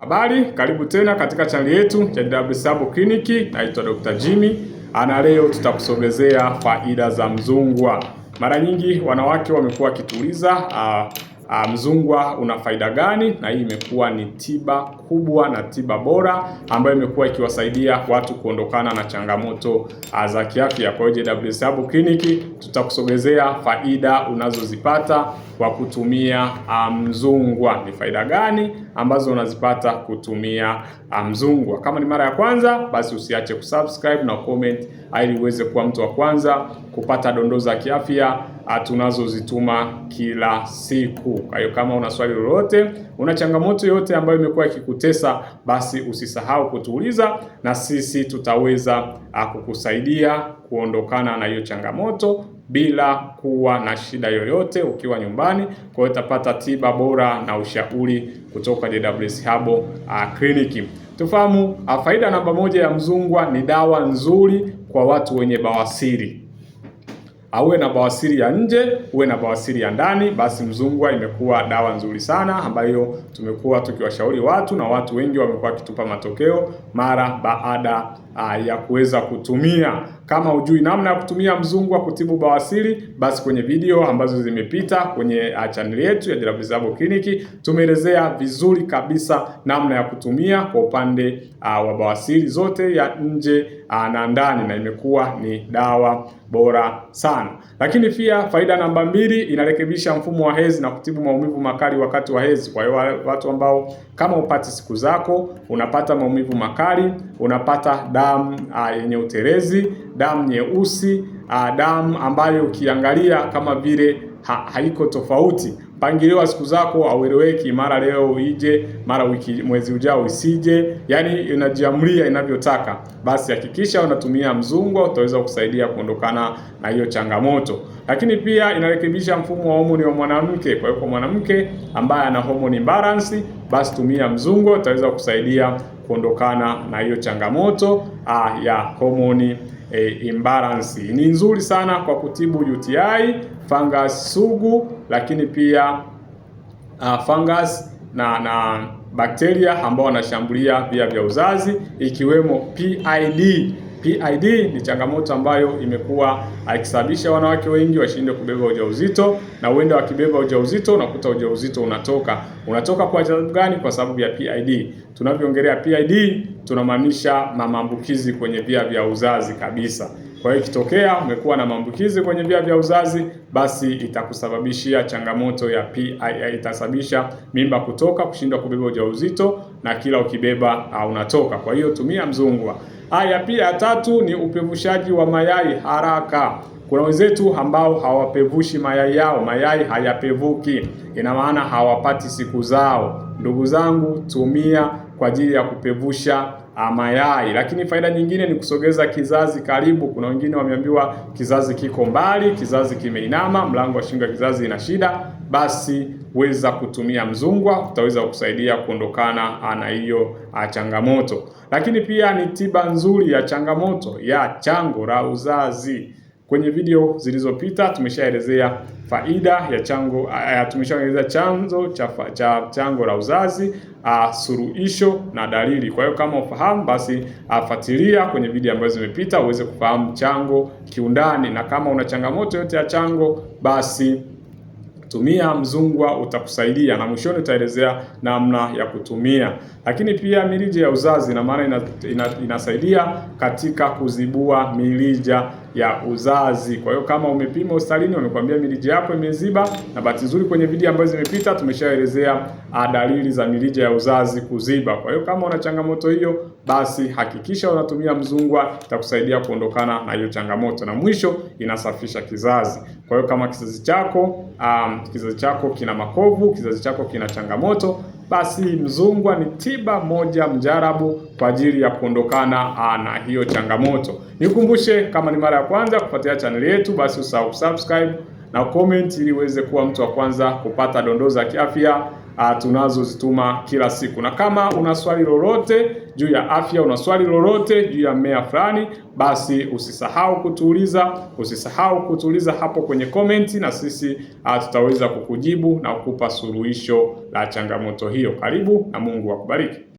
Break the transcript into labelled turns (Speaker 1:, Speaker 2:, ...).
Speaker 1: Habari, karibu tena katika chaneli yetu ya JW Sabo Kliniki. Naitwa Dr. Jimmy, ana leo tutakusogezea faida za mzungwa. Mara nyingi wanawake wamekuwa wakituuliza uh, ah, Ah, mzungwa una faida gani, na hii imekuwa ni tiba kubwa na tiba bora ambayo imekuwa ikiwasaidia watu kuondokana na changamoto ah, za kiafya. Kwa hiyo JWS Herbal Clinic tutakusogezea faida unazozipata kwa kutumia ah, mzungwa. Ni faida gani ambazo unazipata kutumia mzungwa? Kama ni mara ya kwanza, basi usiache kusubscribe na comment ili uweze kuwa mtu wa kwanza kupata dondoo za kiafya ah, tunazozituma kila siku. Kwa hiyo kama una swali lolote, una changamoto yoyote ambayo imekuwa ikikutesa, basi usisahau kutuuliza na sisi tutaweza ah, kukusaidia kuondokana na hiyo changamoto bila kuwa na shida yoyote ukiwa nyumbani. Kwa hiyo utapata tiba bora na ushauri kutoka JWS Herbal ah, Clinic. Tufahamu faida namba moja ya mzungwa ni dawa nzuri kwa watu wenye bawasiri. Auwe na bawasiri ya nje, uwe na bawasiri ya ndani, basi mzungwa imekuwa dawa nzuri sana ambayo tumekuwa tukiwashauri watu na watu wengi wamekuwa wakitupa matokeo mara baada Ah, ya kuweza kutumia. Kama hujui namna ya kutumia mzungu wa kutibu bawasiri, basi kwenye video ambazo zimepita kwenye uh, ah, chaneli yetu ya Jiravisabo Kliniki tumeelezea vizuri kabisa namna ya kutumia kwa upande uh, wa bawasiri zote ya nje uh, na ndani, na imekuwa ni dawa bora sana. Lakini pia faida namba mbili, inarekebisha mfumo wa hezi na kutibu maumivu makali wakati wa hezi. Kwa hiyo watu ambao kama upati siku zako unapata maumivu makali unapata dawa damu ah, yenye uterezi damu nyeusi, ah, damu ambayo ukiangalia kama vile ha, haiko tofauti. Mpangilio wa siku zako haueleweki, mara leo ije, mara wiki, mwezi ujao usije, yani inajiamlia inavyotaka. Basi hakikisha unatumia mzungo, utaweza kusaidia kuondokana na hiyo changamoto. Lakini pia inarekebisha mfumo wa homoni wa mwanamke. Kwa hiyo kwa mwanamke ambaye ana homoni imbalance, basi tumia mzungo, utaweza kusaidia kuondokana na hiyo changamoto ah, ya homoni E, eh, imbalance. Ni nzuri sana kwa kutibu UTI, fungus sugu, lakini pia uh, fungus na na bakteria ambao wanashambulia via vya uzazi ikiwemo PID PID ni changamoto ambayo imekuwa ikisababisha wanawake wengi washinde kubeba ujauzito, na uenda wakibeba ujauzito unakuta ujauzito unatoka. Unatoka kwa sababu gani? Kwa sababu ya PID. Tunavyoongelea PID, tunamaanisha na maambukizi kwenye via vya uzazi kabisa. Kwa hiyo ikitokea umekuwa na maambukizi kwenye via vya uzazi, basi itakusababishia changamoto ya PID, itasababisha mimba kutoka, kushindwa kubeba ujauzito na kila ukibeba uh, unatoka. Kwa hiyo tumia mzungwa. Haya pia ya tatu ni upevushaji wa mayai haraka. Kuna wenzetu ambao hawapevushi mayai yao, mayai hayapevuki, ina maana hawapati siku zao. Ndugu zangu, tumia kwa ajili ya kupevusha mayai. Lakini faida nyingine ni kusogeza kizazi karibu. Kuna wengine wameambiwa kizazi kiko mbali, kizazi kimeinama, mlango wa shingo ya kizazi ina shida, basi weza kutumia mzungwa, utaweza kusaidia kuondokana na hiyo ah, changamoto. Lakini pia ni tiba nzuri ya changamoto ya chango la uzazi. Kwenye video zilizopita tumeshaelezea faida ya chango, eh, tumeshaelezea chanzo cha, cha chango la uzazi a, ah, suruhisho na dalili. Kwa hiyo kama ufahamu basi afuatilia ah, kwenye video ambazo zimepita uweze kufahamu chango kiundani, na kama una changamoto yote ya chango basi tumia mzungwa utakusaidia, na mwishoni utaelezea namna ya kutumia. Lakini pia mirija ya uzazi na maana inasaidia katika kuzibua mirija ya uzazi. Kwa hiyo kama umepima hospitalini, wamekwambia mirija yako imeziba, na bahati nzuri kwenye video ambazo zimepita tumeshaelezea ah, dalili za mirija ya uzazi kuziba. Kwa hiyo kama una changamoto hiyo, basi hakikisha unatumia mzungwa, itakusaidia kuondokana na hiyo changamoto, na mwisho inasafisha kizazi. Kwa hiyo kama kizazi chako um, kizazi chako kina makovu, kizazi chako kina changamoto basi mzungwa ni tiba moja mjarabu kwa ajili ya kuondokana ah, na hiyo changamoto. Nikumbushe, kama ni mara ya kwanza kufuatilia chaneli yetu, basi usahau subscribe na comment ili uweze kuwa mtu wa kwanza kupata dondoo za kiafya Ah, tunazozituma kila siku. Na kama una swali lolote juu ya afya, una swali lolote juu ya mmea fulani, basi usisahau kutuuliza, usisahau kutuuliza hapo kwenye komenti, na sisi ah, tutaweza kukujibu na kukupa suluhisho la changamoto hiyo. Karibu na Mungu akubariki.